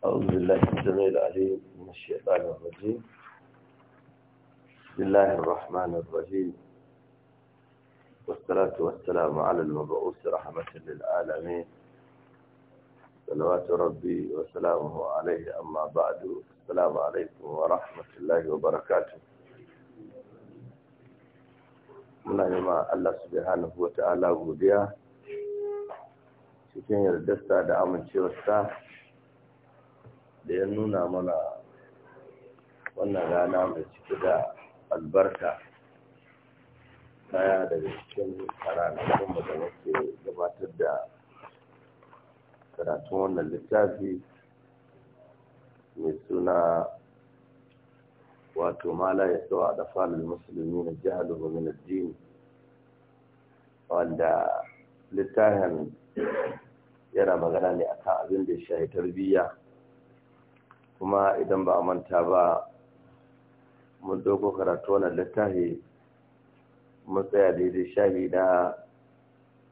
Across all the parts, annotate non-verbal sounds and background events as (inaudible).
أعوذ بالله السميع العليم من الشيطان الرجيم بسم الله الرحمن الرحيم والصلاة والسلام على المبعوث رحمة للعالمين صلوات ربي وسلامه عليه أما بعد السلام عليكم ورحمة الله وبركاته muna ما Allah سبحانه وتعالى godiya cikin yardarsa da amincewarsa da ya nuna mana wannan rana mai cike da albarka kaya daga cikin karatun da muke gabatar da karatun wannan littafi mai suna wato mala ya sau a dafalin musulmi na jihar min jini wanda littafin yana magana ne a akan abin da ya shahi tarbiyya kuma idan ba a manta ba mun dogo karatu wannan littafi mun tsaya daidai shafi na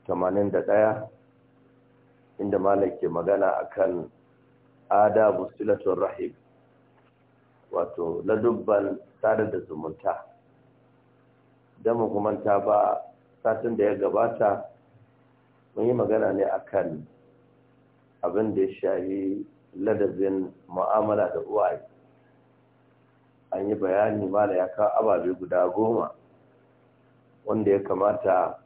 tamanin da ɗaya inda malam ke magana akan ada musulatun rahim wato na dubban sadar da zumunta da manta ba satin da ya gabata mun yi magana ne akan abin da ya shafi. ladabin mu'amala da uwaye an yi bayani mala ya kawo ababe guda goma wanda ya kamata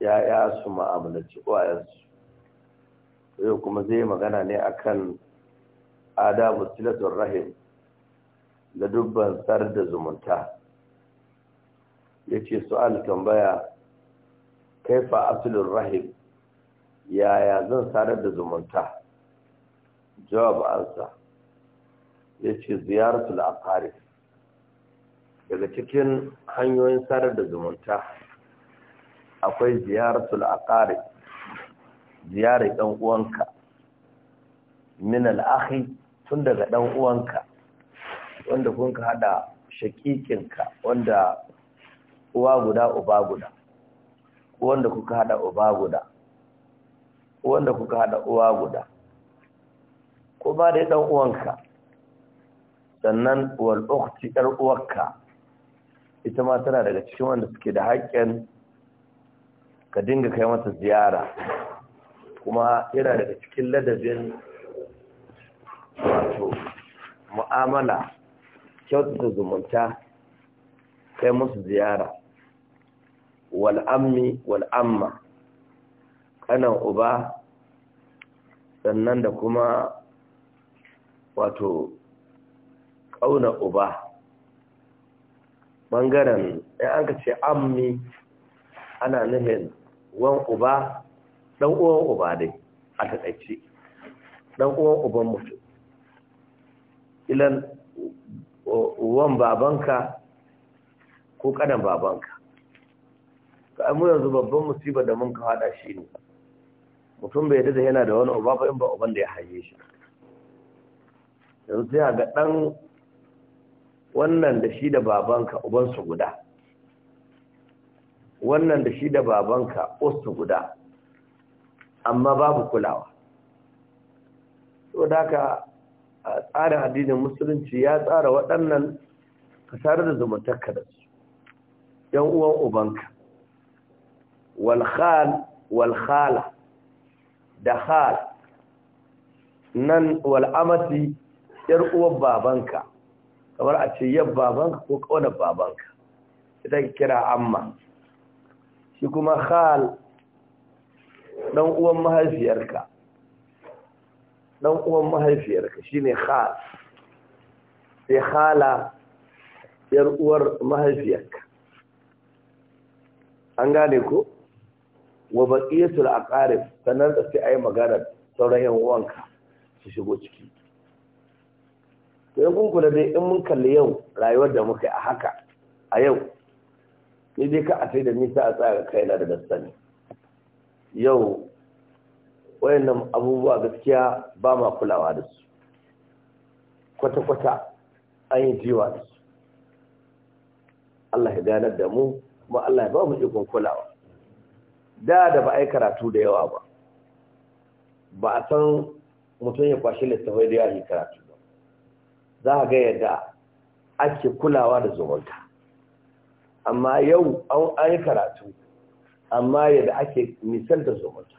ya su ma'amalaci uwayensu yau kuma zai magana ne akan adabu silatun rahim da dubban tsar da zumunta ya ce su'al tambaya kaifa asulun rahim yaya zan sadar da zumunta jawab ansa ya ce ziyaratul aqarib daga cikin hanyoyin sadar da zumunta akwai ziyaratul aqarib ziyarar dan uwanka min al-akhi tun daga dan uwanka wanda kun ka hada shakikinka wanda uwa guda uba guda wanda kuka hada uba guda wanda kuka hada uwa guda uba da ɗan uwanka sannan wal ukhti ɗan uwarka ita ma tana daga cikin wanda suke da haƙƙin ka dinga kai mata ziyara kuma yana daga cikin ladabin wato mu'amala kyautata zumunta kai musu ziyara wal ammi wal amma kanan uba sannan da kuma wato ƙauna uba ɓangaren ɗan an ka ce ammi ana nufin wan uba ɗan uwan uba dai a taƙaice ɗan uwan uban mutum ilan uwan babanka ko ƙanan babanka ka amu yanzu babban musibar da mun kawada shi ne mutum bai yadda yana da wani uba ba in ba uban da ya haye shi yanzu sai ga ɗan wannan da shi da babanka ubansu guda wannan da shi da babanka ustu guda amma babu kulawa saboda da a tsarin addinin musulunci ya tsara waɗannan kasar da zumuntakka da su ɗan uwan ubanka walhal walhala da hal nan wal'amati yar uwar babanka kamar a ce yar babanka ko kaunar babanka ita kira amma shi kuma khal dan uwan mahaifiyarka dan uwan mahaifiyarka shine khal sai khala yar uwar mahaifiyarka an gane ko wa baqiyatul aqarib sanan da sai ayi magana sauran yan uwanka su shigo ciki to yan dai in mun kalli yau rayuwar da muka a haka a yau ni dai ka a sai da nisa a tsaya na da dastani yau wayannan abubuwa gaskiya ba ma kulawa da su kwata-kwata an yi jiwa da su Allah ya ganar da mu kuma Allah ya ba mu ikon kulawa da da ba a yi karatu da yawa ba ba a san mutum ya kwashi littafai da yawa yi karatu za a ga yadda ake kulawa da zumunta amma yau an yi karatu amma yadda ake da zumunta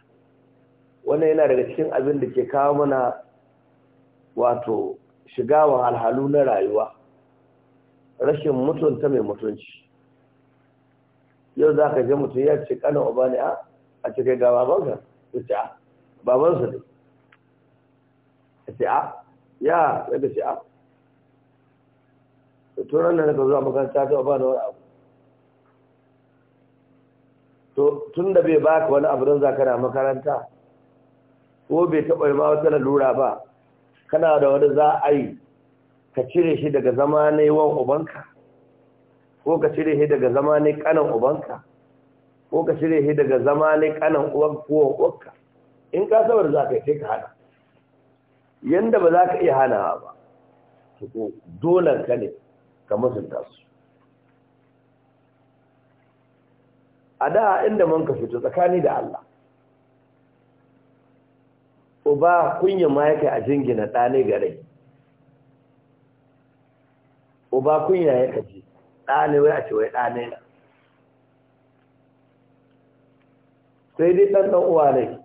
wannan yana daga cikin abin da ke kawo mana wato shiga wahalhalu na rayuwa rashin mutunta mai mutunci yau za ka je mutum ya ce kanin uba ne a a cikin gaba banka ya ce a babansa ne ya ce a ya ya ce a da turan nan ka zuwa makaranta ta ba da wani abu to tun da bai baka wani abu don zakara makaranta ko bai taɓa ma wata lura ba kana da wani za a yi ka cire shi daga zama na yawan ubanka ko ka cire shi daga zama na kanan ubanka ko ka cire shi daga zama na kanan uwanka in ka da za ka yi sai ka hana yanda ba za ka iya hana ba dole ka ne kamar sun su a da inda man ka fito tsakani da Allah uba kunya ma yake a jingina ɗane rai uba kunya ya kaji ɗane wai a ce wai ɗane na sai dai ɗan ɗan uwa ne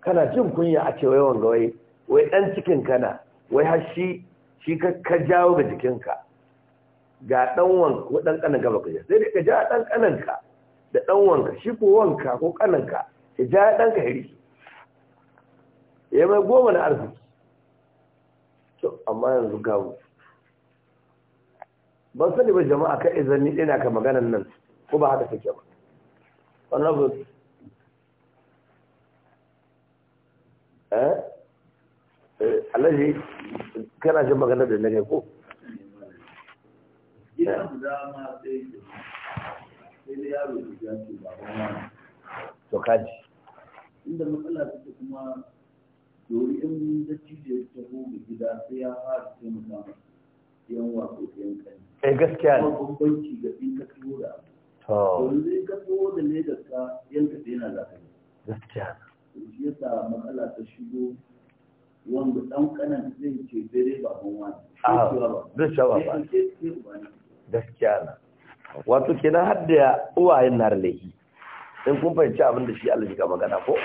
kana jin kunya a ce wai wanga wai wai ɗan cikin kana wai har shi shi ka ka jawo ga jikinka ga dan wanka ko dan kanan ka baka sai dai ka ja dan kanan ka da dan wanka shi ko wanka ko kanan ka ya ja dan ka hiri ya mai goma na arziki to amma yanzu ba ban sani ba jama'a ka ni ina ka maganan nan ko ba haka take ba wannan ba eh, eh alaji kana jin magana da na ko to kaji inda matsala take kuma dori in da cije ta gobe gida sai ya fara taimaka yan wato yan kani eh gaskiya ne bambanci ga in ka tuwo da to in ka tuwo da ne yanka gaskiya shi yasa matsala ta shigo wanda dan kanan zai ce wani ah, zai gaskiya na wato kenan har da uwayen na laifi in kun fahimci abin da shi Allah ya magana ko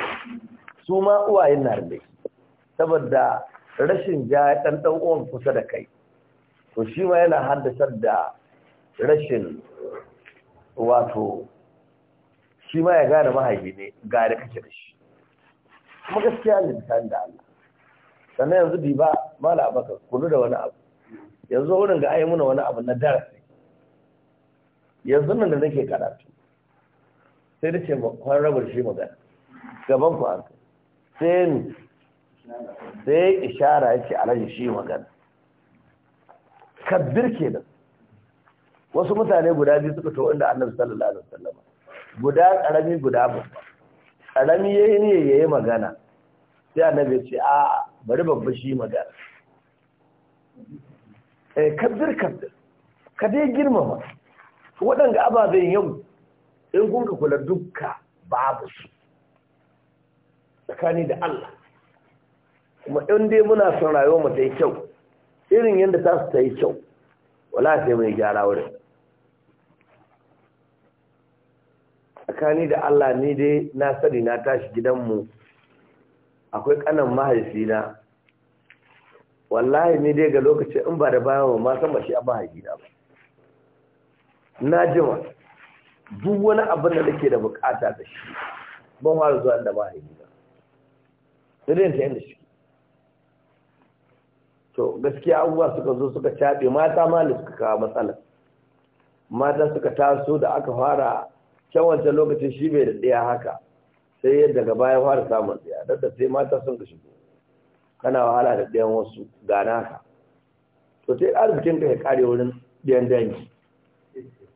su ma uwayen na laifi saboda rashin ja dan dan uwan kusa da kai to shi ma yana haddasar da rashin wato shi ma ya gane mahaifi ne ga da kake da shi kuma gaskiya ne tsakanin da Allah sannan yanzu bi ba mala abaka kullu da wani abu yanzu wurin ga ayi muna wani abu na darasi yanzu nan da nake karatu sai da ce kwan rabar shi magana gaban ku an sai ni sai ishara ya ce alaji shi magana kabbir nan wasu mutane guda biyu suka to inda annabi sallallahu alaihi wasallam guda karami guda babba karami yayi ne yayi magana sai annabi ya ce a'a bari babba shi magana eh kabir kabir, ka dai girmama waɗanda ababen yau in kun ka kula dukka babu su tsakani da Allah kuma in dai muna son rayuwar mu ta yi kyau irin yadda ta su ta yi kyau wala sai mai gyara wurin tsakani da Allah ni dai na sani na tashi gidanmu akwai kanan mahaifina wallahi ne dai ga lokaci in ba da bayan ma san mashi shi a mahaifina ba na jima duk wani abin da nake da bukata da shi ban fara zuwa da mahaifina irin ta yadda shi to gaskiya abubuwa suka zo suka caɓe mata ma da suka kawo matsala mata suka taso da aka fara kyan wancan lokacin shi bai da ɗaya haka sai yadda gaba ya fara samun tsaya da sai mata sun ka shigo kana wahala da ɗayan wasu gana ka to sai arzikin ka ya kare wurin ɗayan dangi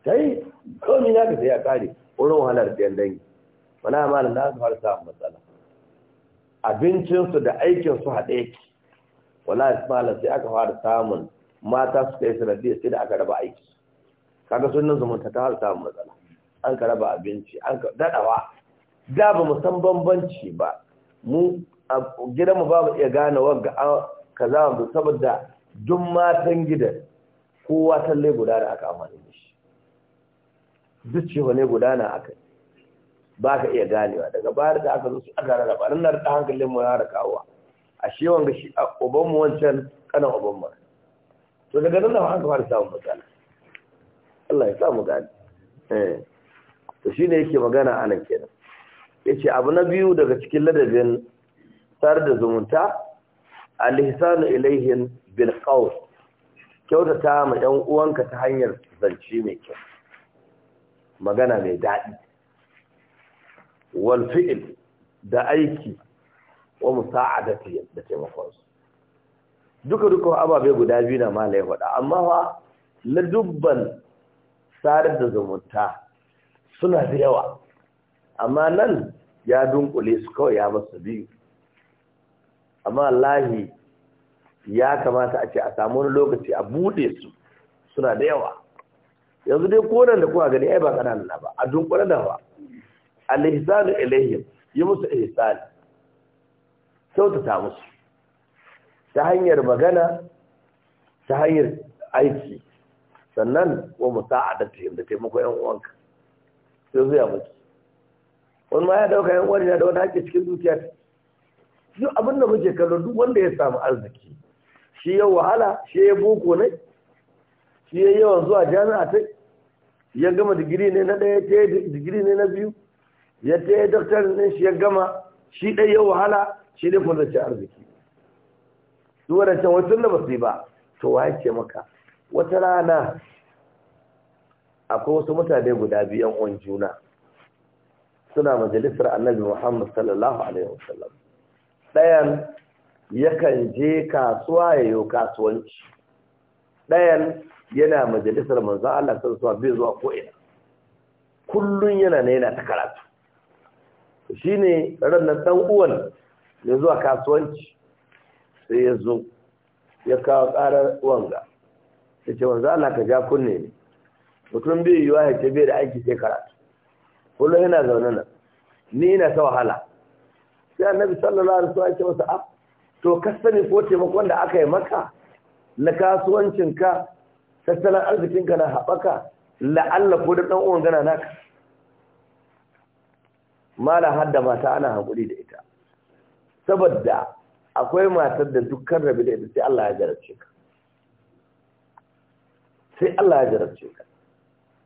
Kai, komi na ka sai ya kare wurin wahala da ɗayan dangi mana ma na su fara samun matsala abincinsu da aikinsu haɗe yake wala ismaila sai aka fara samun mata su kai sanadiyya sai da aka raba aiki kaga sunan zumunta ta fara samun matsala an ka raba abinci an ka daɗawa da ba mu san bambanci ba mu a gidanmu ba mu iya gane wanga kaza mu saboda duk matan gidan kowa talle guda da aka amfani da shi duk cewa ne guda na aka ba ka iya ganewa daga bayar da aka zo su aka rarraba nan na da hankalin mu ya rakawa a shi wanga shi a uban mu wancan kanan uban mu to daga nan da aka fara samun matsala Allah ya samu gani eh to shine yake magana anan kenan ya ce abu na biyu daga cikin ladabin tsar da zumunta alhisanu ilaihin bilkaus kyautata ma ‘yan uwanka ta hanyar zance mai kyau magana mai daɗi walfi'il da aiki wa musa'adati da taimakon su. duka duka ababe guda biyu na malai faɗa amma fa ladubban sadar da zumunta suna da yawa amma nan ya dunkule su kawai ya basu biyu amma Allahi ya kamata a ce a samu wani lokaci a bude su suna da yawa yanzu dai koran da kuka gani ai ba kananan ba a dunkule da ba al ilayhim yi musu ihsani kyautata musu ta hanyar magana ta hanyar aiki sannan wa musa'adatu da taimako yan uwanka sai zuwa musu wani ma ya dauka yan wani da wani ake cikin dukiya duk abin da muke kallon duk wanda ya samu arziki shi ya wahala shi ya boko ne shi ya yawan zuwa jami'a ta ya gama digiri ne na ɗaya ta digiri ne na biyu ya ta yi daktarin ne shi ya gama shi ɗai ya wahala shi ne kuma zai arziki duk wadancan wasu da ba su yi ba to wa ce maka wata rana akwai wasu mutane guda biyan on juna suna majalisar annabi Muhammad sallallahu alaihi wasallam ɗayan yakan je kasuwa ya kasuwanci ɗayan yana majalisar manzo Allah sarsuwa bai zuwa ko'ina kullum yana ne yana ta karatu shi ne ranar uwan ya zuwa kasuwanci sai ya zo ya kawo ƙarar wanga ya ce wanzu Allah ka ja kunne ne mutum bai yiwa ya ce bai da aiki sai karatu kullum yana zaune nan ni ina ta wahala sai annabi sallallahu alaihi wasallam ya ce masa a ah, to ka sani ko taimakon da aka yi maka na kasuwancinka tattalin ka na haɓaka la'alla ko da ɗan uwan gana naka mala hadda mata ana haƙuri da ita saboda akwai matar da dukkan rabi da ita sai Allah ya jarabce ka sai Allah ya jarabce ka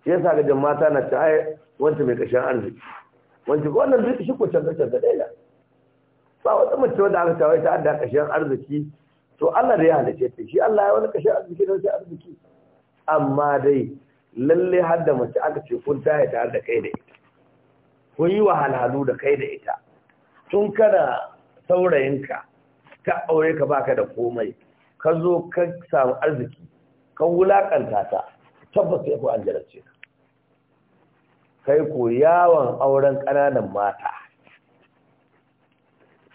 shi yasa ga mata na ta ai wanda mai kashin arziki wanda ko wannan duk shi ko canza canza dai da ba wata mace wanda aka tawaye ta adda kashin arziki to Allah da ya halice ta shi Allah ya wani kashin arziki da kashin arziki amma dai lalle har da mace aka ce kun taya tare da kai da ita kun yi wahalhalu da kai da ita tun kana saurayinka ka aure ka baka da komai ka zo ka samu arziki ka wulakanta ta tabbas ya fi an jarabce ka kai ko yawon auren ƙananan mata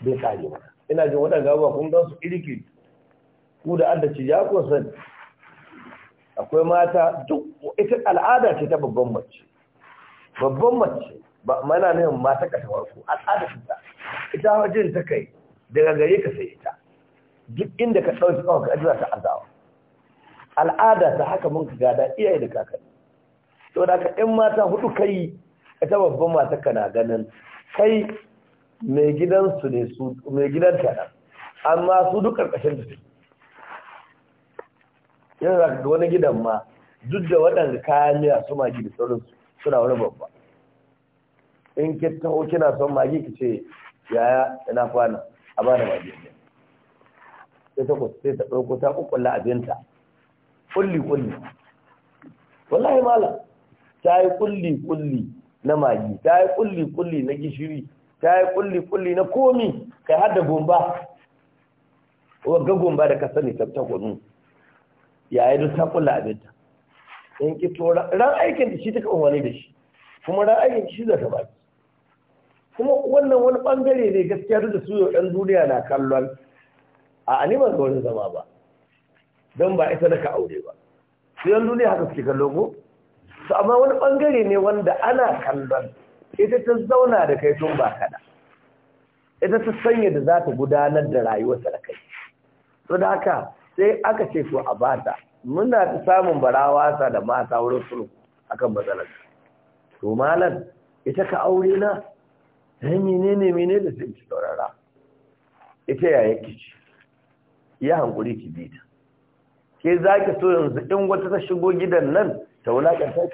bai kaji ba ina jin waɗanda abubuwa kun don su irki ku da ci ya ko sani akwai mata duk ita al'ada ce ta babban mace babban mace ba mana ne mata ka ku al'ada ce ta ita wajen ta kai daga gare ka sai ita duk inda ka ɗauki kawai ka ajiyar ta azawa al'ada ta haka mun ka gada iyaye da kakanni to da ka ɗin mata hudu kai ita babban mata kana ganin kai mai gidansu ne su mai gidanta ɗan amma su duk ƙarƙashin da su yanzu za ka ga wani gidan ma duk da waɗanda kayan miya su magi da sauransu suna wani babba in ki taho kina son magi ki ce yaya ina kwana a ba da magi sai ta sai ta ɗauko ta kukkulla abinta kulli kulli wallahi malam ta yi kulli-kulli na magi ta yi kulli-kulli na gishiri ta yi kulli-kulli na komi kai har da gumba wagga gumba da ka sani ta gwanu yayi da ta kulla abinta in ki to ran aikin da shi ta wani da shi kuma ran aikin shi da ta baki kuma wannan wani bangare ne gaskiya da su yau ɗan duniya na kallon a animar ga wani zama ba don ba ita da ka aure ba su yan duniya haka suke kallon ko su amma wani bangare ne wanda ana kallon ita ta zauna da kai tun ba kada ita ta sanya da za ta gudanar da rayuwarsa da kai to da haka sai aka ce to a bata muna ta samun barawasa da mata wurin sulhu akan matsalar to malam ita ka aure na sai eh, menene menene da sai ki saurara ita ya yake kici ya hankuri ki bi ta ke ki so yanzu in wata ta shigo gidan nan ta wulaƙanta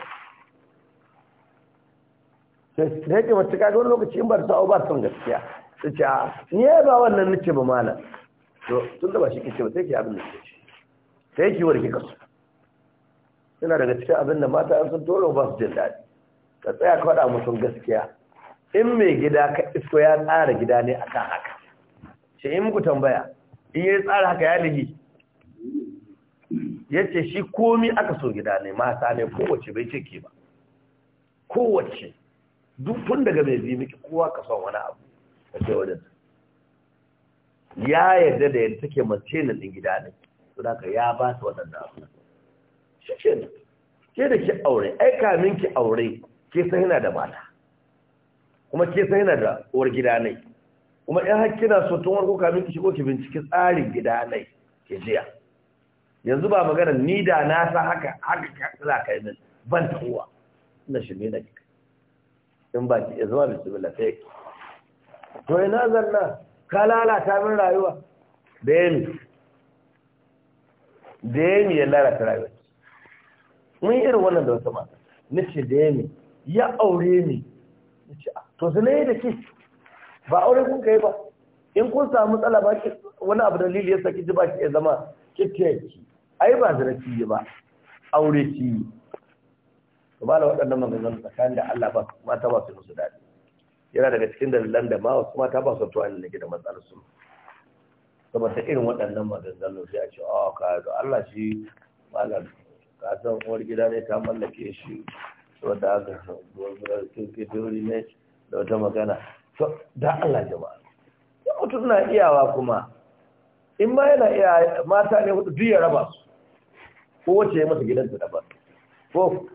ce sai yake wacce kaga wani lokaci in ba ta sa'o ba son gaskiya ta ce a ni ya ba wannan nake ba mana to tun da ba shi kike ba sai ki abin da ke. ce sai ke warke kasu yana daga cikin abin da mata an san dole ba su jin daɗi ka tsaya ka faɗa musu gaskiya in mai gida ka isko ya tsara gida ne akan haka shi in ku tambaya in ya tsara haka ya ligi yace shi komi aka so gida ne mata ne kowace bai ce ke ba kowace duk tun daga mai bi miki kowa ka son wani abu a ce wadda ya yarda da yadda take mace na ɗin gida ne su da ka ya ba su waɗanda abu shi ce ne ke da ki aure ai kamin ki aure ke san yana da mata kuma ke san yana da uwar gida ne kuma yan hakki na so tun warko kamin ki shigo ki binciki tsarin gida ne ke jiya yanzu ba magana ni da na sa haka haka katsila kai min ban tawa ina shirme na kika in ba ki zuwa bismillah sai to ina zanna ka lalata min rayuwa da yemi da yemi ya lalata rayuwa mun yi irin wannan da wata mata nace da yemi ya aure ni nace ah, to sai da ki ba aure kun kai ba in kun samu matsala ba wani abu dalili ya saki ji ba ki zama kike ki ai ba zarafi ba aure ci yi ba da waɗannan maganganun tsakanin da Allah ba mata ba su musu daɗi yana daga cikin dalilan da ma kuma mata ba su tuwa ne gidan matsalar su saboda irin waɗannan maganganun sai a ce oh ka ga Allah shi malam ka san uwar gida ne ta mallake shi saboda haka gobe kin ke dori ne da wata magana to da Allah jama'a mutum na iyawa kuma in ma yana iya mata ne hudu duk ya raba su ko wace ya masa gidanta daban ko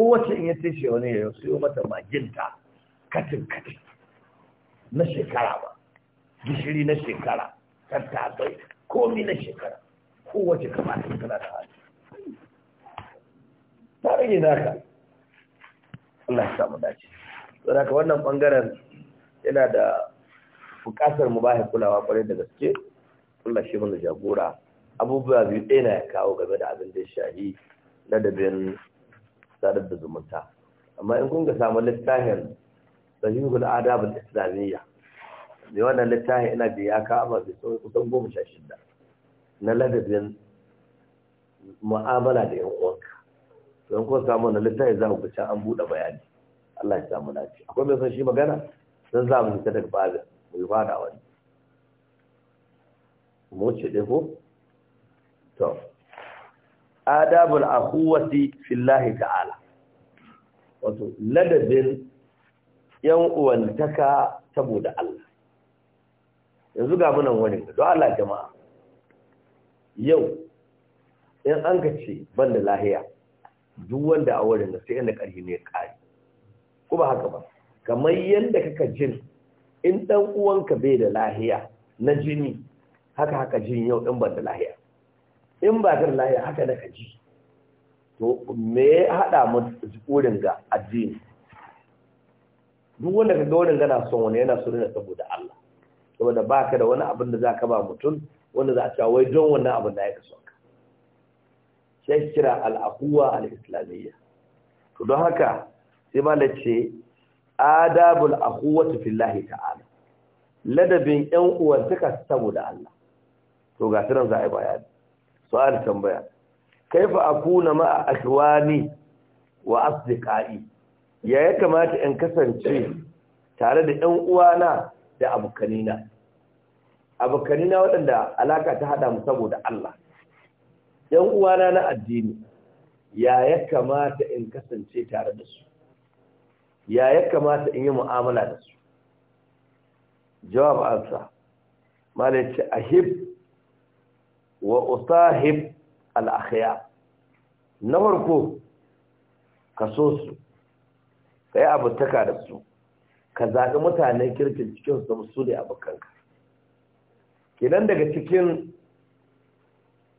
wace in ya tashi wani ya siyo mata maginta katin katin na shekara ba gishiri na shekara tattasai komi na shekara ko wace kowace kamata tana da hali ta rage naka Allah ya samu dace don ka wannan bangaren yana da bukatar mu ba kulawa kwarai da gaske Allah shi mun jagora abubuwa biyu ɗaya na kawo game da abin da ya shahi ladabin sadar da zumunta amma in kun ga samu littafin sahihul adabul islamiyya mai wannan littafin ina da ya kama bai kusan goma sha shida na ladabin mu'amala da yan uwanka to in kun samu wannan littafin za ku ga an buɗe bayani Allah ya samu lafi akwai mai son shi magana dan za mu fita daga bazin mu yi fada wani mu wuce dai ko to adabul akhuwati fillahi ta'ala wato ladabin yan uwantaka saboda Allah yanzu ga munan wani don Allah jama'a yau in an ka ce ban da lahiya duk wanda a wurin da sai inda ƙarfi ne ƙari ba haka ba kamar yadda kaka jin in ɗan uwanka bai da lahiya na jini haka haka jin yau ɗin ban da lahiya in ba kan lahiya haka da ka ji to me ya haɗa mu wurin ga addini duk wanda ka ga wurin gana son wani yana son ne saboda Allah saboda baka da wani abin da za ka ba mutum wanda za a cewa wai don wannan abin da ya son ka sai kira al'akuwa al'islamiyya to don haka sai ba da ce adabul akuwatu fillahi ta'ala ladabin yan uwantaka saboda Allah to ga tiran za a yi bayani su'al tambaya kaifa akuna ma akhwani wa asdiqai ya ya kamata in kasance tare da ɗan uwana da abokanina abokanina waɗanda alaka ta hada mu saboda Allah ɗan uwana na addini ya ya kamata in kasance tare da su ya ya kamata in yi mu'amala da su jawab ansa malaka ce ahib wa usahib al-akhya na farko kaso so su ka yi abutaka da su ka zaɓi mutanen kirkin cikin su su ne abokanka kenan daga cikin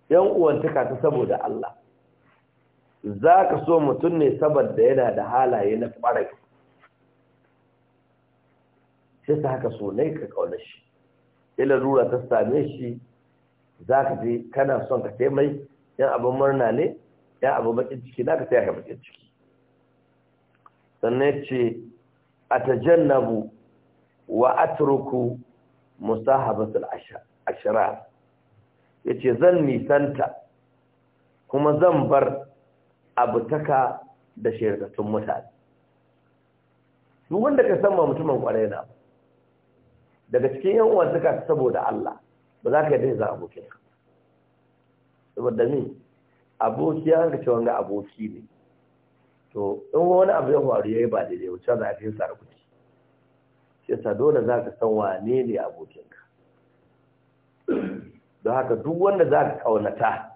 yan uwantaka ta saboda Allah za ka so mutum ne saboda yana da halaye na fara shi sai haka so ne ka ƙaunar shi ila rura ta same shi za ka je kana son ka sai mai yan abin murna ne yan abin bakin ciki za ka sai ka bakin ciki sannan ce a tajannabu wa atruku musahabatul ashrar yace zan nisanta kuma zan bar abutaka da shirkatun mutane duk wanda ka san ba mutumin kwarai na daga cikin yan uwan suka saboda Allah ba za ka yi da za abokin ka saboda aboki ya ga cewa ga aboki ne to in wani abu ya faru yi ba daidai wuce za ka yi sa rubuci shi yasa dole za ka san wane ne abokin don haka duk wanda za ka kaunata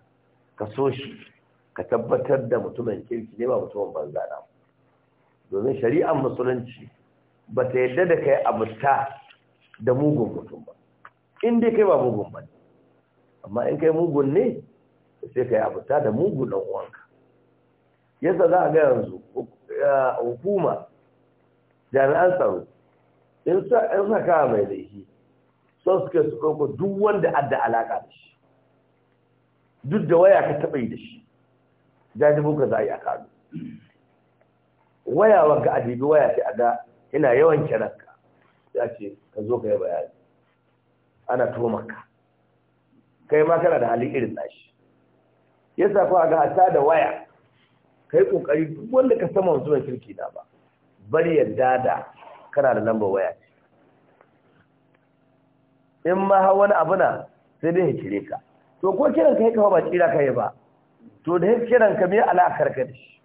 ka so shi ka tabbatar da mutumin kirki ne ba mutumin banza na domin shari'ar musulunci ba ta yadda da kai abuta da mugun mutum ba in dai kai ba mugun ba ne amma in kai mugun ne sai ka yi abuta da mugun ɗan uwanka yadda za a ga yanzu uh, hukuma jami'an tsaro in sa kawa mai laifi son suke su ɗauko duk wanda adda alaka da shi duk da waya ka taɓa yi da shi jajibin ka za a yi a kano waya wanka a waya sai a ga ina yawan kiranka ya ce ka zo ka yi bayani ana ka. kai ma kana da hali irin nashi yasa ko ga hatta da waya kai kokari duk wanda ka sama wasu mai kirki na ba bari ya dada kana da lambar waya in ma ha wani abu na sai dai ya kire ka to ko kiran ka haka ba kira ka yi ba to da haka kiran ka me alakar ka da shi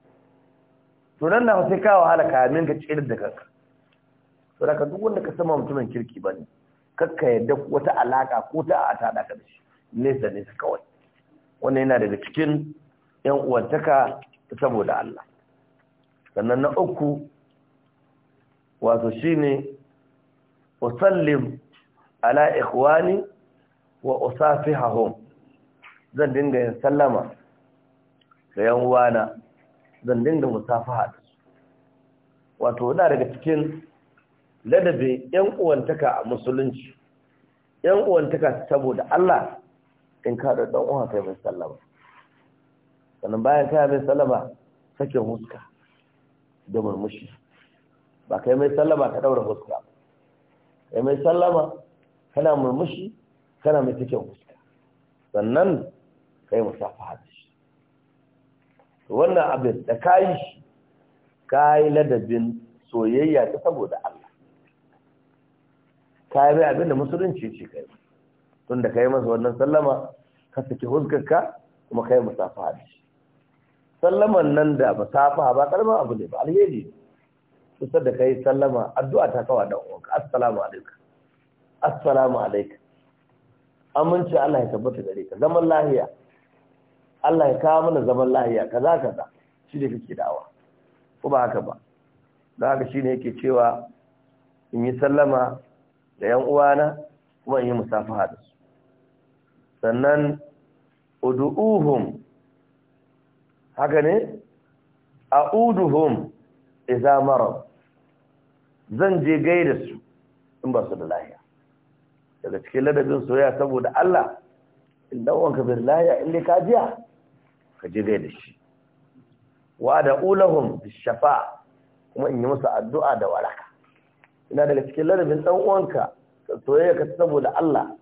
to nan na sai ka wahala ka min ka tsirin da kanka to da ka duk wanda ka sama mutumin kirki bane kakka yadda wata alaka ko ta a ta da shi nesa nesa kawai Wani yana daga cikin yan uwantaka saboda Allah sannan na uku wato shi shine usallim ala ikhwani wa usafihahum zan dinga yin sallama da yan uwana zan dinga musafaha da su wato na daga cikin Ladabi ‘yan uwantaka a musulunci, ‘yan uwantaka saboda Allah in ka da ɗan uwa kai mai sallama. Sannan bayan kai mai sallama sake huska da murmushi, ba kai mai sallama ka ɗaura huska. Kai mai sallama kana murmushi kana mai sake huska. Sannan kai musafa hada shi. Wannan abin da kayi shi, kayi ladabin soyayya ta saboda Allah. ka yi bai abinda musulunci ce kai tun da ka yi masa wannan sallama ka saki huskarka kuma ka yi musafa a shi sallaman nan da musafa ba karamin abu ne ba alheri kusa da ka yi sallama addu'a ta kawa da uwanka assalamu alaikum assalamu alaikum aminci Allah ya tabbata gare ka zaman lahiya Allah ya kawo mana zaman lahiya kaza kaza shi ne kake dawa ko ba haka ba don haka ne yake cewa in yi sallama da ‘yan uwana kuma in yi musafaha da su sannan udu'uhum haka ne a'uduhum idza marad zan je gai da su in ba su da lahiya daga cikin ladabin soyayya saboda Allah in dan wanka lahiya in dai ka jiya ka je gai da shi wa da ulahum bishafa kuma in yi musu addu'a da waraka ina daga cikin ladabin dan uwanka ka soyayya ka saboda Allah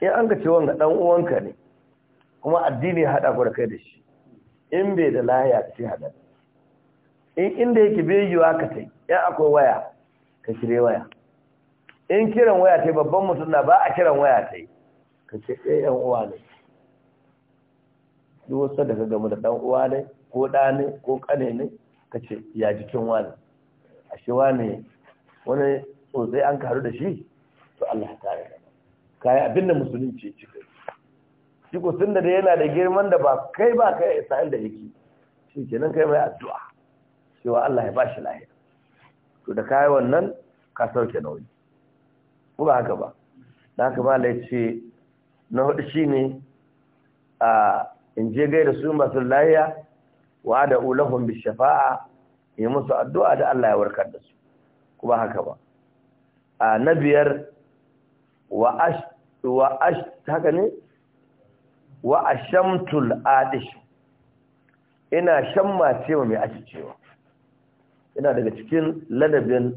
in an ga cewa ga dan uwanka ne kuma addini hada ku da kai da shi in bai da lahiya ce hada in inda yake bai yiwa ka tai ya akwai waya ka kire waya in kiran waya tai babban mutum na ba a kiran waya tai ka ce eh yan uwa ne duk wasu da ka gamu da dan uwa ne ko da ne ko kane ne ka ce ya jikin wani ashewa wani wani tsotsai an karu da shi to Allah ta yi kayan abin da musulunci cikin shi sun da yana da girman da ba kai ba kai isra'il da yake shi kenan kai mai addu'a cewa Allah ya bashi lahira. to da kayan wannan ka sauke nauyi ko ba haka ba da haka ba lai ce na hudu shine a in je gaida su masu lahiya wa da ulahum bi shafa'a yi musu addu'a da Allah ya warkar da su kuma haka ba a na biyar wa ash wa ash haka ne wa ashamtul adish ina shamma cewa mai ashi cewa ina daga cikin ladabin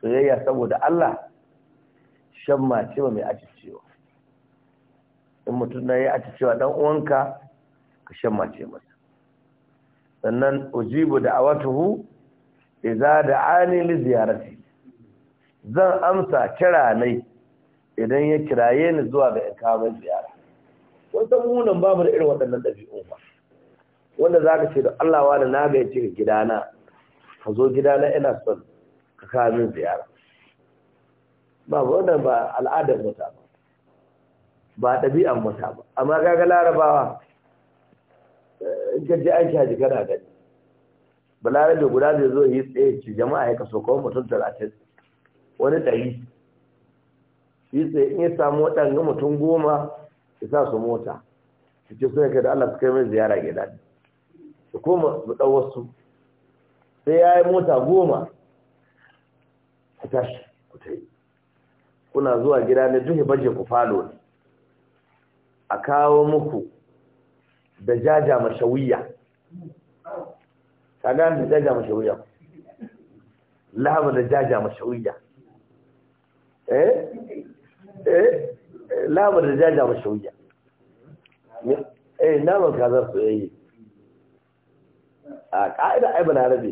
soyayya saboda Allah shamma cewa mai ashi cewa in mutum na yi ashi cewa dan uwanka ka shamma ce masa sannan ujibu da awatuhu Iza da ani li ziyarati zan amsa kira nai idan ya kiraye ni zuwa ga in ziyara kun san munan babu da irin waɗannan ɗabi'u ba wanda zaka ce da Allah wani na ga yake gidana ka zo gidana ina son ka kawo min ziyara babu wannan ba al'adar mutane ba ɗabi'an mata ba amma gaga larabawa eh, in ka ji an shaji kana gani balarabe guda zai zo yi tsaye ci jama'a ya kaso kawai mutum talatin wani ɗari yi tsaye in ya samu waɗanga mutum goma ya sa su mota su ce suna kai da Allah su kai mai ziyara gida su koma su ɗau wasu sai ya yi mota goma ku tashi ku ta yi kuna zuwa gida na juhi baje ku falo ne a kawo muku da jaja mashawiya kaga da jaja mashawiya eh? eh? eh, lahaba da jaja mashawiya eh eh lahaba da jaja mashawiya eh naman kaza su yayi a ka'ida ai bana rabe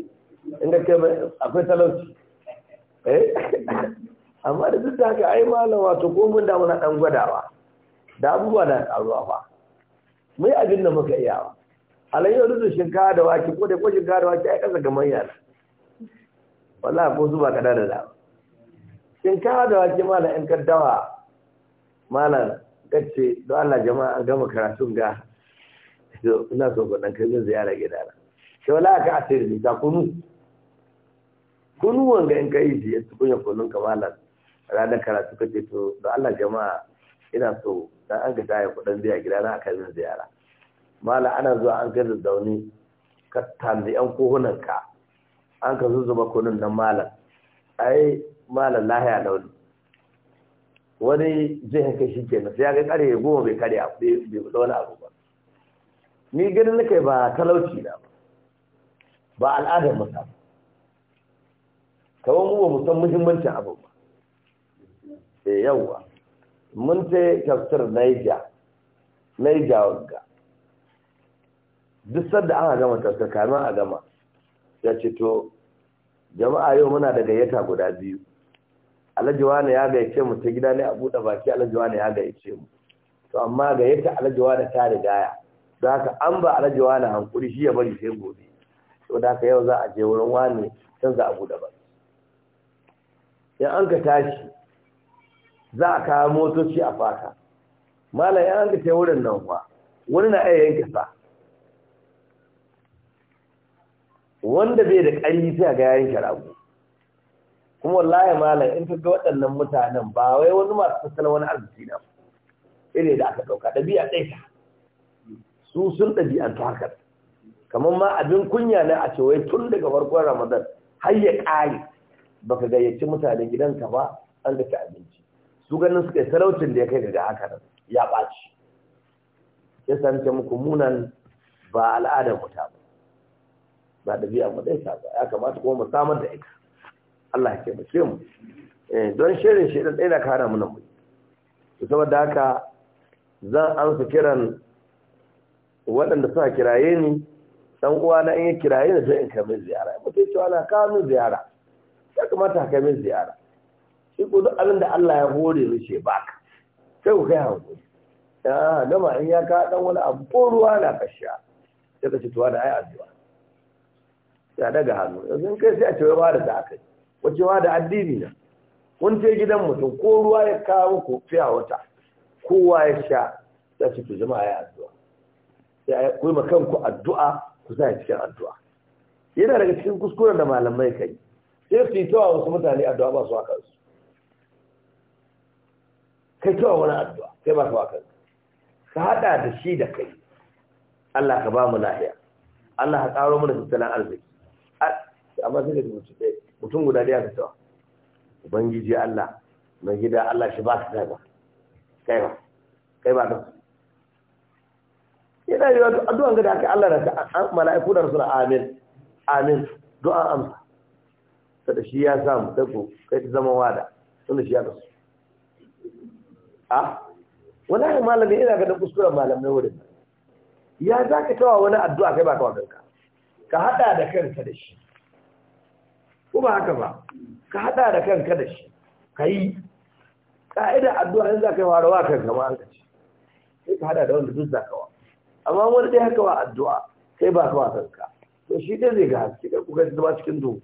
in ga kai akwai talauci eh (laughs) amma da duk da haka ai malama wato ko mun da muna dan gwadawa da abubuwa na karuwa fa mai abin da muka iyawa alayyar dudu shinkawa da wake ko da ko shinkawa da wake ai kasa ga manyan wallahi ko zuba kada da da shinkawa da wake malam in kaddawa malam kace don Allah jama'a an gama karatun ga ina so ku dan kai ziyara gida na sai wallahi ka asiri ni da kunu kunu wanga in kai ji su kunya kunun ka malam ranar karatu kace to don Allah jama'a ina so dan an ga ta ya kudan biya a kai ziyara mala ana zuwa an kai zaune ka tambi yan kohunan ka an ka ba kunun nan malam ai malam lahiya launi wani jihin kai shi kenan sai ya ga kare goma bai kare bai da wani abu ba ni ganin na kai ba talauci na ba ba al'adar mu ta kawai mu ba mu san muhimmancin abu ba eh yawa mun ce tafsir naija naija wanga duk da aka gama taska a gama ya ce to jama'a yau muna da gayyata guda biyu alajewa wani ya gayyace mu ta gida ne a buɗe baki alajewa wani ya gayyace mu to amma gayyata alajewa wani ta rigaya don haka an ba alajewa wani hankuri shi ya bari sai gobe to da haka yau za a je wurin wani can za a buɗe baki in an ka tashi za a kawo motoci a faka malam in an ka ta wurin nan kuwa wani na iya yanke sa wanda bai da ƙari sai ga yayin sharabu kuma wallahi malam in ka ga waɗannan mutanen ba wai wani masu tattalin wani arziki na irin da aka ɗauka ɗabi'a ɗaya ta su sun ɗabi'antu haka kamar ma abin kunya ne a ce wai tun daga farkon ramadan har ya ƙare baka gayyaci mutanen gidanka ba an ga ta abinci su ganin suka yi talaucin da ya kai ga haka nan ya ɓaci ya san ce muku munan ba al'adar mutane. ba da biya mu ɗaya ta ba ya kamata kuma mu samar da ita Allah ya taimake mu eh, don shirin shirin dan daina kara mu nan mu saboda haka zan su kiran waɗanda suka kiraye ni dan uwa na in ya kiraye ni sai in kai mai ziyara ce cewa na kawo min ziyara ya kamata ka mai ziyara shi ko duk abin da Allah ya hore mu ce baka sai ku kai hankali ah dama in ya ka dan wani abu ko ruwa na kashiya sai ka ci tuwa da ai addu'a ya daga hannu yanzu kai sai a ce wa da aka yi wacewa da addini na wani ce gidan mutum ko ruwa ya kawo ko fiya wata kowa ya sha za su ku jama'a ya addu'a sai ku yi kanku addu'a ku sa cikin addu'a yana daga cikin kuskuren da malamai kai sai su yi tawa wasu mutane addu'a ba su haka kansu kai tawa wani addu'a kai ba su kansu ka haɗa da shi da kai Allah ka ba mu lahiya Allah ka ƙaro mana tattalin arziki amma sai da mutum ɗaya mutum guda ɗaya ka cewa ubangiji Allah mai gida Allah shi ba ka kai ba kai ba kai ba don yana yi wata addu'an ga da aka Allah da mala'iku da suna amin amin du'an amsa sada shi ya samu dako kai ta zama wada tunda shi ya kasu a wani malami yana ga da kuskuren malamai wurin ya za ka kawa wani addu'a kai ba kawa kanka ka haɗa da kanka da shi ko ba haka ba ka haɗa da kanka da shi ka yi ƙa'idar addu'a yanzu za ka yi rawa kan ba haka kaci sai ka haɗa da wanda duk za wa amma wani dai haka wa addu'a sai ba kawa kanka to shi dai zai ga haske kai kuka zama cikin duhu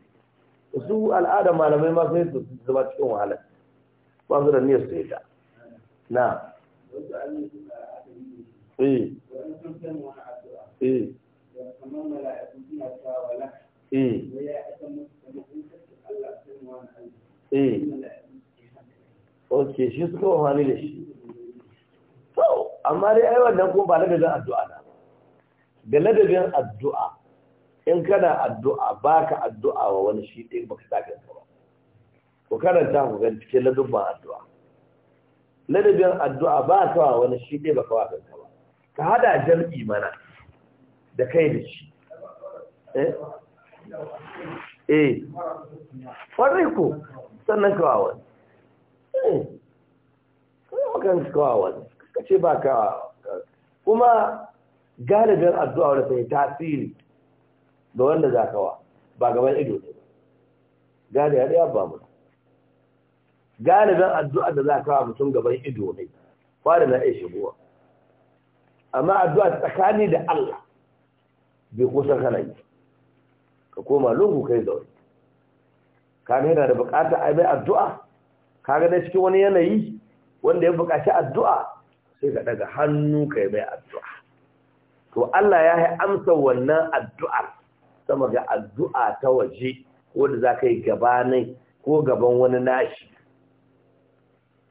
su al'ada malamai ma sai su zama cikin wahala ba su da niyyar su yi ta na eh eh eh eh ok shi suka wani da shi to amma dai ai wannan ko ba ladabin addu'a na da ladabin addu'a in kana addu'a ba ka addu'a wa wani shi ɗin baka sa kanka ba ku karanta ku ga cikin ladabin addu'a ladabin addu'a ba ka wa wani shi ɗin baka wa kanka ba ka hada jam'i mana da kai da shi eh eh kwarai ko sannan kawawan eh kan kawawan ka ce ba kawawa kuma galibin addu'a wadda sai tasiri ga wanda za kawa ba gaban ido ne gane ya ba mu galibin addu'a da za kawa mutum gaban ido ne fara na iya shigowa amma addu'a tsakani da Allah bai kusa kana yi ka koma lungu kai zaune ka ga yana da bukatar a mai addu'a ka ga cikin wani yanayi wanda ya bukaci addu'a sai ka daga hannu ka yi mai addu'a to Allah ya yi amsa wannan addu'ar sama ga addu'a ta waje da za ka yi gabanin ko gaban wani nashi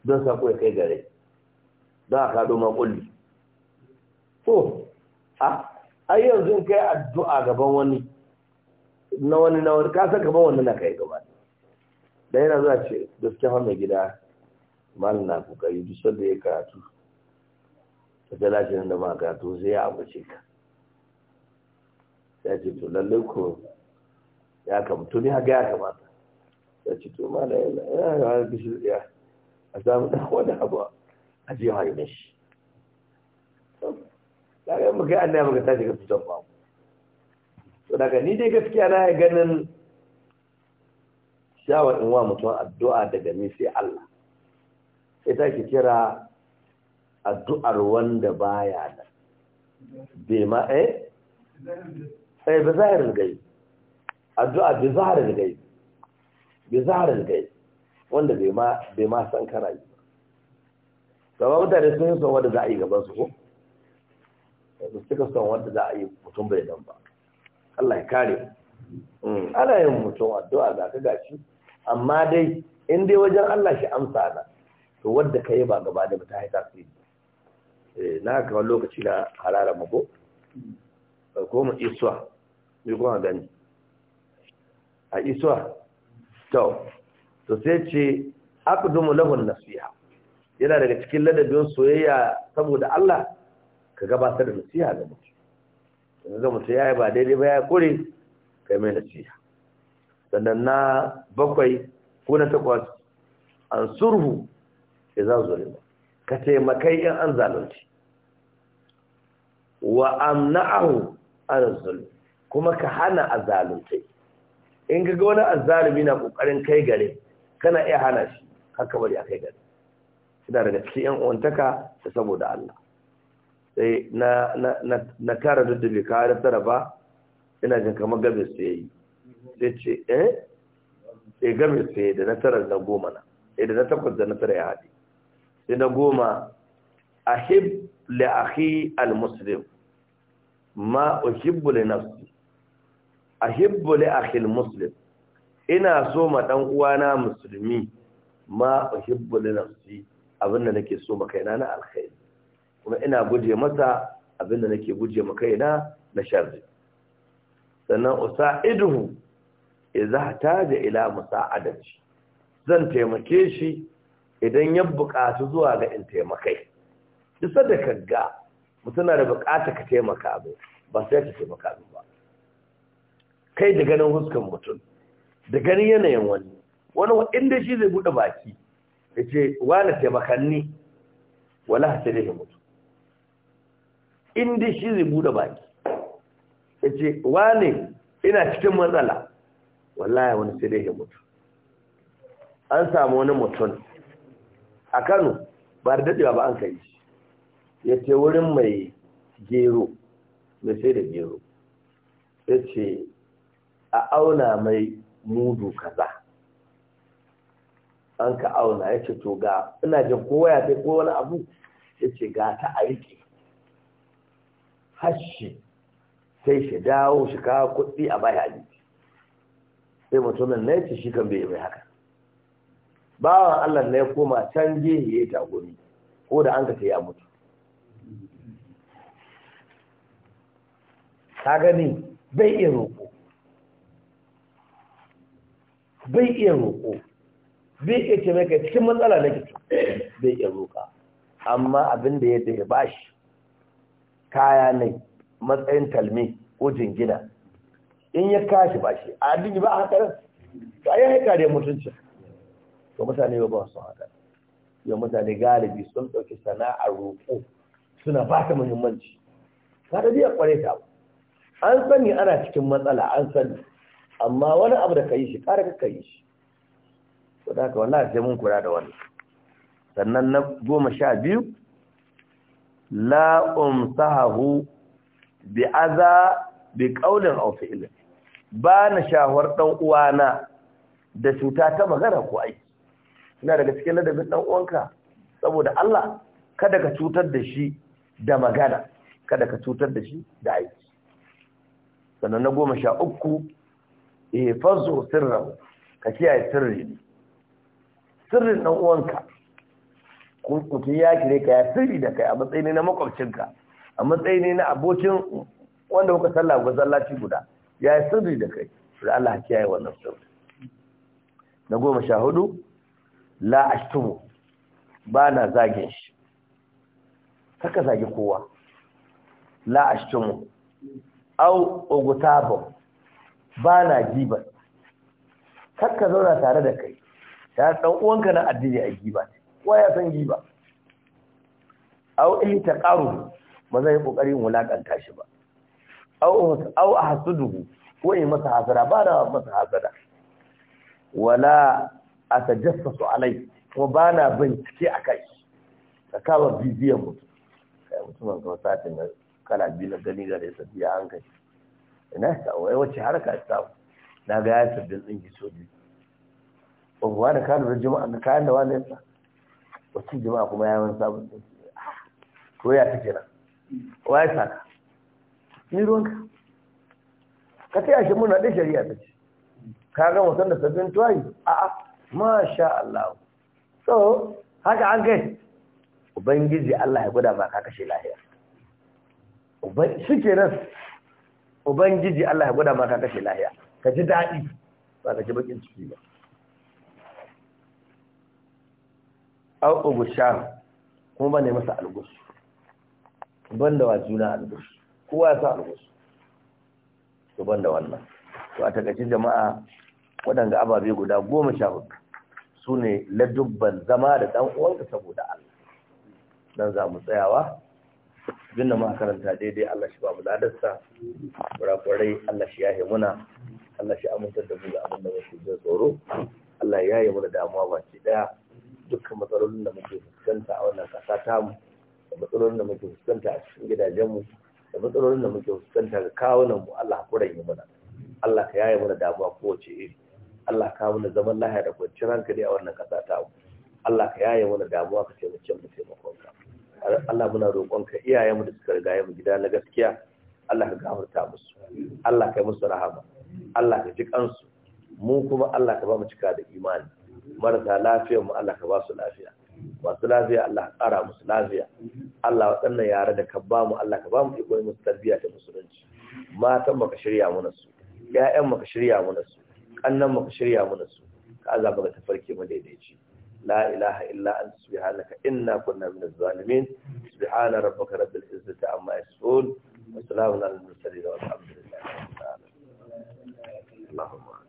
don sako ya kai gare don a kaɗo makulli ko Ah! ai yanzu in kai addu'a gaban wani na wani na wani kasa gaban wani na kai gaba da yana zuwa ce suke wannan gida mal na kokari duk sanda ya karatu da nan da ma karatu sai ya abuce ka ya ce to lallai ko ya kamata ni haka ya kamata ya ce to ma da yana yana yana yana a yana yana abu a yana yana shi kaga mu kai ya muka tashi ga fitan ba to daga ni dai gaskiya na ganin shawar in wa mutum addu'a daga ni sai Allah ita ke kira addu'ar wanda baya da bai ma eh sai eh, bi gai addu'a bi zahirin gai bi zahirin gai wanda bai ma bai ma san karayi ba mutane sun yi son da za a yi gaban su ko ka suka son wanda za a yi mutum bai nan ba Allah ya kare mm, ana yin mutum addu'a za ka gashi amma dai in dai wajen Allah shi amsa na to wadda ka yi ba gaba da ta haita su yi na haka wani lokaci na harara mako ko mu isuwa ne kuma gani a isuwa to to sai ce aqdumu lahu nasiha yana daga cikin ladabin soyayya saboda Allah ka gabatar da nasiha ga mutum yanzu ga mutum ya yi ba daidai ba ya kure kai mai nasiha sannan na bakwai ko na takwas an surhu ya za zulima ka taimakai in an zalunci wa amna'ahu an zulmi kuma ka hana a zalunce in ka ga wani azzalumi na kokarin kai gare kana iya hana shi haka bari a kai gare suna daga cikin yan uwantaka da saboda Allah sai eh, na na na tara duk da bai kawo daftara ba ina jin kamar gabe ta yi sai ce eh sai eh, gabe ta yi da na tara da goma na sai eh, da na takwas da na tara ya haɗe sai na goma ahib li akhi al muslim ma uhibbu li nafsi ahibbu li akhi al muslim ina so ma dan uwa na musulmi ma uhibbu li nafsi abinda nake so ma kaina na alkhairi kuma ina guje masa abinda nake guje ma kaina na sharri sannan usaiduhu idza hataja ila musa'adati zan taimake shi idan ya buƙatu zuwa ga in taimakai duk da kaga mutuna da bukata ka taimaka ba ba sai ka taimaka ba kai da ganin huskan mutum da ganin yanayin wani wani inda shi zai bude baki ya ce wani taimakanni wala hasirihi mutu in shi zai bude baki ya ce wane ina cikin matsala wallahi wani sai dai ya mutu an samu wani mutum a kano ba da daɗewa ba an kai shi ya ce wurin mai gero mai sai da gero ya ce a auna mai mudu kaza an ka auna ya ce to ga ina jin kowa ya sai ko abu ya ce ga ta a riƙe hashi sai shi dawo shi kawo kudi a bai abinci sai mutumin na yace shi kan bai mai haka bawan Allah na ya koma can jihi ya tagomi ko da an ka ta ya mutu ta gani bai iya roƙo bai iya roƙo bai iya ce mai kai cikin matsala na gito bai iya roƙa amma abin da ya ba ya bashi kaya ne matsayin talme ko jingina in ya kashi ba shi a addini ba a haka to a yi haika da mutunci to mutane ba su haka yau mutane galibi sun ɗauki sana'ar roƙo suna ba ta muhimmanci ba da biya kware ta an sani ana cikin matsala an sani amma wani abu da ka yi shi ƙara ka yi shi to da haka wallahi sai mun kula da wannan sannan na goma sha biyu لا امسحه bi بقول او فعل aw fi'lin ba na shawar dan uwana da cuta ta magana ko aiki ina daga cikin ladabin dan uwanka saboda Allah kada ka cutar da shi da magana kada ka cutar da shi da aiki sannan na goma sha uku eh sirra ka kiyaye sirri sirrin dan uwanka mutum ya kire ka ya sirri da kai a matsayi na makwabcinka a matsayi na abokin wanda kuka sallah ga sallaci guda ya yi sirri da kai da Allah ya kiyaye wannan sirri na goma sha hudu la ashtumu ba na zagin shi ka zagi kowa la ashtumu au ugutabu ba na jiba ka zauna tare da kai ya dan uwanka na addini a giba ne kowa ya san giba aw ta qaru ba zai kokarin wulakanta shi ba aw aw ahsuduhu ko yi masa hasara ba na masa hasara wala atajassasu alai ko ba na bincike akai ka kawo bibiyan mutum kai mutumin ga satin na kala bi na gani gare sa biya an kai ina ta wai wace harka ta na ga ya sabbin so soji ba da kanu da jima'a da kayan da wani yasa wacce jama'a kuma ya yi sabon dinki ko ya ta kira wa ya saka ni ruwanka ka ta shi muna ɗin shari'a ta ce ka ga wasan da sabbin tuwayi a'a masha Allah so haka an kai ubangiji Allah ya guda ba ka kashe lahiya Suke ke nan ubangiji Allah ya guda ma ka kashe lahiya ka ji daɗi ba ka ji bakin ciki ba au ugushan kuma ba ne masa algus banda wa juna algus kowa ya sa algus to banda wannan to a takaice jama'a waɗanda ababe guda goma sha hudu su ne ladubban zama da ɗan uwanka saboda Allah dan za mu tsayawa bin da makaranta daidai Allah shi ba mu ladarsa kurakurai Allah shi yahe muna Allah shi amintar da mu da abin da muke jin tsoro Allah ya yi da damuwa shi daya dukkan matsalolin da muke fuskanta a wannan ƙasa tamu da matsalolin da muke fuskanta a cikin gidajenmu da matsalolin da muke fuskanta ga kawunan mu Allah hakuran yi mana Allah ka yaye mana damuwa kowace iri Allah ka mana zaman lahiya da kwanciyar hankali a wannan ƙasa tamu Allah ka yaye mana damuwa ka taimake mu ka Allah muna iyaye iyayenmu da suka riga mu gida na gaskiya Allah ka gafarta musu Allah ka yi musu rahama Allah ka ji kansu mu kuma Allah ka ba mu cika da imani marasa lafiyar mu Allah ka ba su lafiya masu lafiya Allah ka ƙara musu lafiya Allah waɗannan yare da ka ba mu Allah ka ba mu iko musu tarbiyya da musulunci matan ka shirya mana su ƴaƴan maka shirya mana su kannan maka shirya mana su ka azaba ga tafarki mu daidaici la ilaha illa anta subhanaka inna kunna minaz zalimin subhana rabbika rabbil izzati amma yasifun wa salamun alal mursalin walhamdulillahi rabbil alamin اللهم